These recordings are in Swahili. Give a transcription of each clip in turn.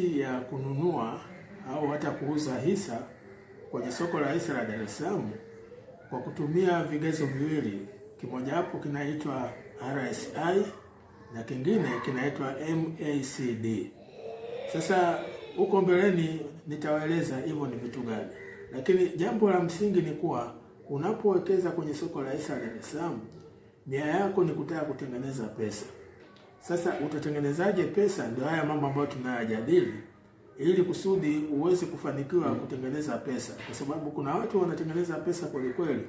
jinsi ya kununua au hata kuuza hisa kwenye soko la hisa la Dar es Salaam kwa kutumia vigezo viwili, kimojawapo kinaitwa RSI na kingine kinaitwa MACD. Sasa huko mbeleni nitawaeleza hivyo ni vitu gani, lakini jambo la msingi ni kuwa unapowekeza kwenye soko la hisa la Dar es Salaam, nia yako ni kutaka kutengeneza pesa. Sasa utatengenezaje pesa? Ndio haya mambo ambayo tunayajadili, ili kusudi uweze kufanikiwa kutengeneza pesa, kwa sababu kuna watu wanatengeneza pesa kweli kweli,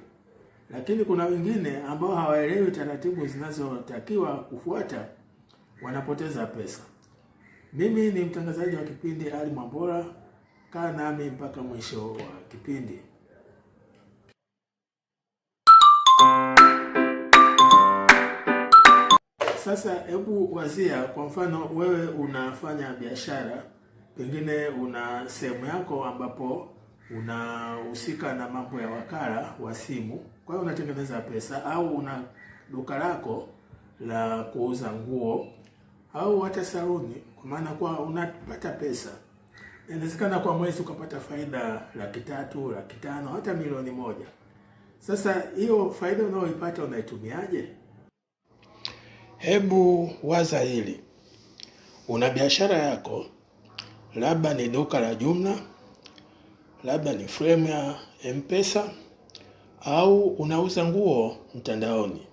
lakini kuna wengine ambao hawaelewi taratibu zinazotakiwa kufuata, wanapoteza pesa. Mimi ni mtangazaji wa kipindi Ali Mwambola. Kaa nami mpaka mwisho wa kipindi. Sasa hebu wazia, kwa mfano wewe unafanya biashara, pengine una sehemu yako ambapo unahusika na mambo ya wakala wa simu, kwa hiyo unatengeneza pesa, au una duka lako la kuuza nguo au hata saluni, kwa maana kwa unapata pesa, inawezekana kwa mwezi ukapata faida laki tatu, laki tano, hata milioni moja. Sasa hiyo faida unayoipata unaitumiaje? Hebu waza hili, una biashara yako, labda ni duka la jumla, labda ni fremu ya M-Pesa au unauza nguo mtandaoni.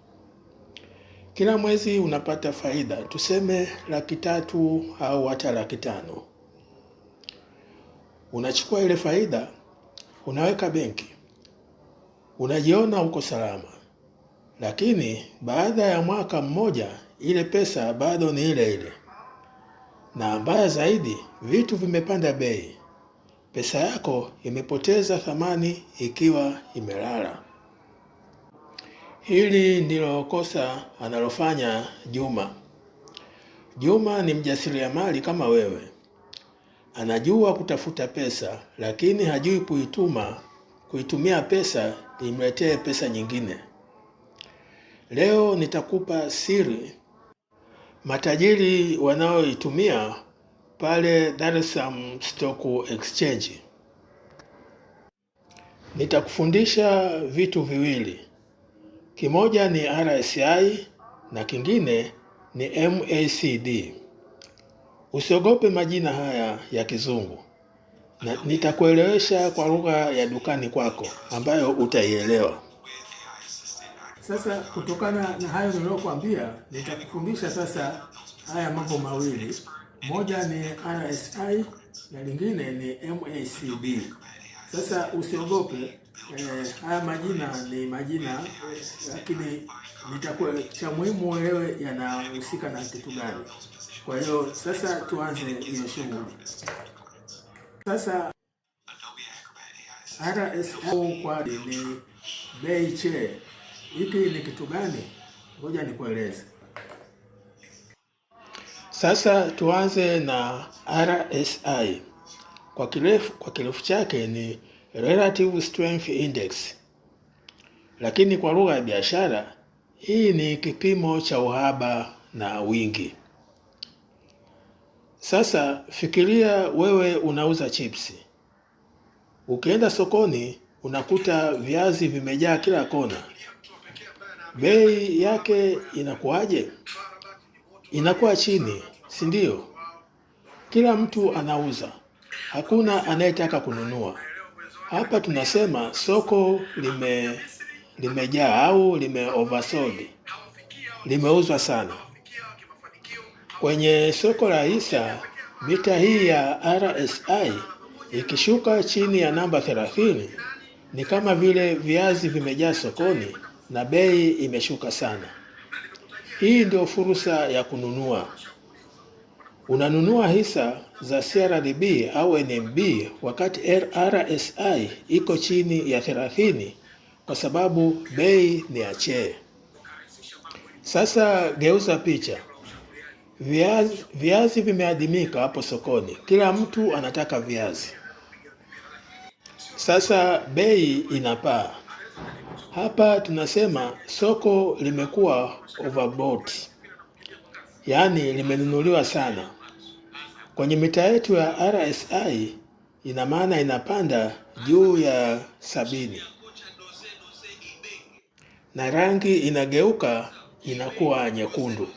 Kila mwezi unapata faida, tuseme laki tatu au hata laki tano. Unachukua ile faida, unaweka benki, unajiona uko salama lakini baada ya mwaka mmoja ile pesa bado ni ile ile, na mbaya zaidi, vitu vimepanda bei. Pesa yako imepoteza thamani ikiwa imelala. Hili ndilo kosa analofanya Juma. Juma ni mjasiriamali kama wewe, anajua kutafuta pesa, lakini hajui kuituma, kuitumia pesa imletee pesa nyingine. Leo nitakupa siri matajiri wanaoitumia pale Dar es Salaam Stock Exchange. Nitakufundisha vitu viwili, kimoja ni RSI na kingine ni MACD. Usiogope majina haya ya kizungu na nitakuelewesha kwa lugha ya dukani kwako ambayo utaielewa. Sasa kutokana na hayo niliyokuambia, yaani nitakufundisha sasa haya mambo mawili, moja ni RSI na lingine ni MACD. Sasa usiogope, eh, haya majina ni majina eh, lakini nitakuwa cha muhimu wewe yanahusika na kitu gani. Kwa hiyo sasa tuanze hiyo shughuli sasa. RSI kwa ni bei che hiki ni kitu gani? Ngoja nikueleze. Sasa tuanze na RSI. Kwa kirefu, kwa kirefu chake ni Relative Strength Index, lakini kwa lugha ya biashara hii ni kipimo cha uhaba na wingi. Sasa fikiria wewe unauza chipsi, ukienda sokoni unakuta viazi vimejaa kila kona, bei yake inakuwaje? Inakuwa chini, si ndio? Kila mtu anauza, hakuna anayetaka kununua. Hapa tunasema soko lime limejaa au lime oversold, limeuzwa sana. Kwenye soko la hisa mita hii ya RSI ikishuka chini ya namba 30 ni kama vile viazi vimejaa sokoni na bei imeshuka sana. Hii ndio fursa ya kununua. Unanunua hisa za CRDB au NMB wakati RSI iko chini ya 30 kwa sababu bei ni ya Sasa geuza picha. Viazi, viazi vimeadimika hapo sokoni, kila mtu anataka viazi. Sasa bei inapaa. Hapa tunasema soko limekuwa overbought, yaani limenunuliwa sana. Kwenye mita yetu ya RSI ina maana inapanda juu ya sabini na rangi inageuka inakuwa nyekundu.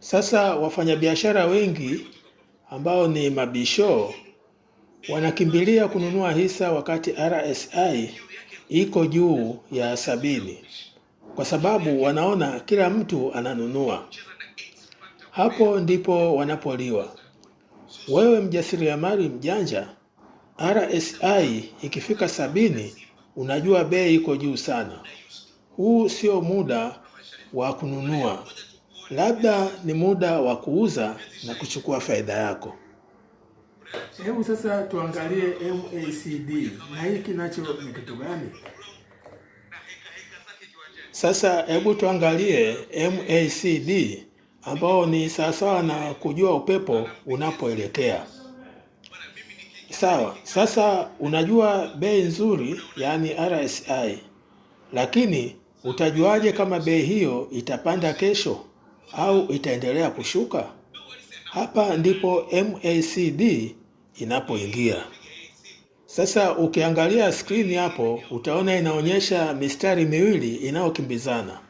Sasa wafanyabiashara wengi ambao ni mabisho wanakimbilia kununua hisa wakati RSI iko juu ya sabini kwa sababu wanaona kila mtu ananunua. Hapo ndipo wanapoliwa. Wewe mjasiriamali mjanja, RSI ikifika sabini unajua bei iko juu sana. Huu sio muda wa kununua, labda ni muda wa kuuza na kuchukua faida yako. Hebu sasa tuangalie MACD na hiki nacho ni kitu gani? Sasa hebu tuangalie MACD ambao ni sawasawa na kujua upepo unapoelekea. Sawa, sasa unajua bei nzuri, yaani RSI, lakini utajuaje kama bei hiyo itapanda kesho au itaendelea kushuka? Hapa ndipo MACD inapoingia. Sasa ukiangalia skrini hapo, utaona inaonyesha mistari miwili inayokimbizana,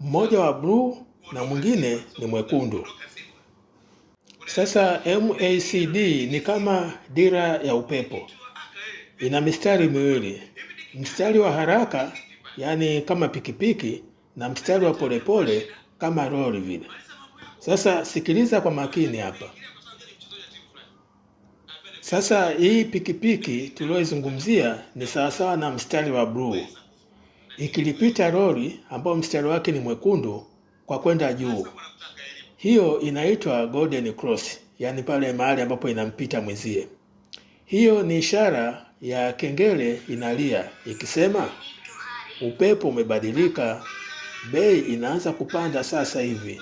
mmoja wa bluu na mwingine ni mwekundu. Sasa MACD ni kama dira ya upepo, ina mistari miwili, mstari wa haraka yaani kama pikipiki na mstari wa polepole kama lori vile. Sasa sikiliza kwa makini hapa. Sasa hii pikipiki tuliyoizungumzia ni sawasawa na mstari wa bluu, ikilipita lori ambayo mstari wake ni mwekundu kwa kwenda juu, hiyo inaitwa golden cross, yaani pale mahali ambapo inampita mwenzie. Hiyo ni ishara ya kengele inalia ikisema upepo umebadilika, bei inaanza kupanda sasa hivi.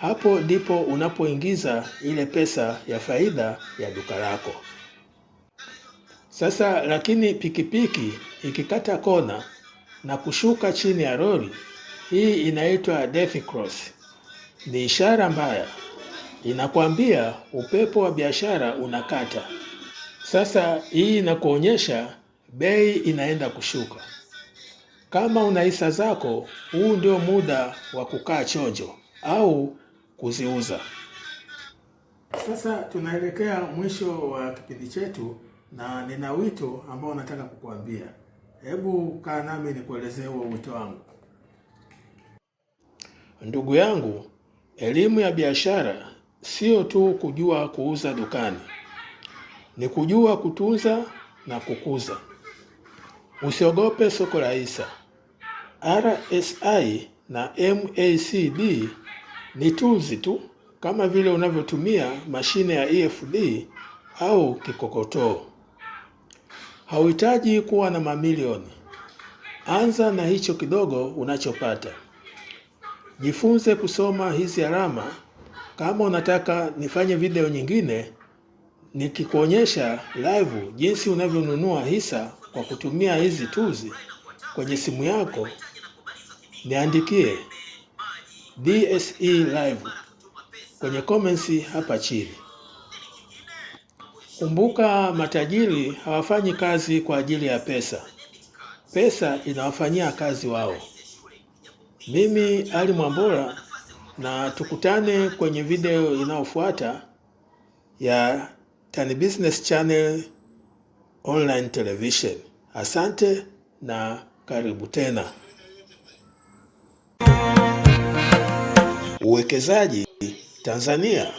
Hapo ndipo unapoingiza ile pesa ya faida ya duka lako. Sasa lakini pikipiki ikikata kona na kushuka chini ya lori, hii inaitwa death cross. Ni ishara mbaya, inakwambia upepo wa biashara unakata. Sasa hii inakuonyesha bei inaenda kushuka. Kama una hisa zako, huu ndio muda wa kukaa chojo au kuziuza. Sasa tunaelekea mwisho wa kipindi chetu na nina wito ambao nataka kukuambia. Hebu kaa nami nikuelezee huo wito wangu. Ndugu yangu, elimu ya biashara sio tu kujua kuuza dukani, ni kujua kutunza na kukuza. Usiogope soko la hisa. RSI na MACD ni tools tu kama vile unavyotumia mashine ya EFD au kikokotoo. Hauhitaji kuwa na mamilioni. Anza na hicho kidogo unachopata. Jifunze kusoma hizi alama. Kama unataka nifanye video nyingine nikikuonyesha live jinsi unavyonunua hisa kwa kutumia hizi tools kwenye simu yako, niandikie. DSE Live kwenye comments hapa chini. Kumbuka, matajiri hawafanyi kazi kwa ajili ya pesa, pesa inawafanyia kazi wao. Mimi Ali Mwambola, na tukutane kwenye video inayofuata ya Tan Business Channel Online Television. Asante na karibu tena. uwekezaji Tanzania.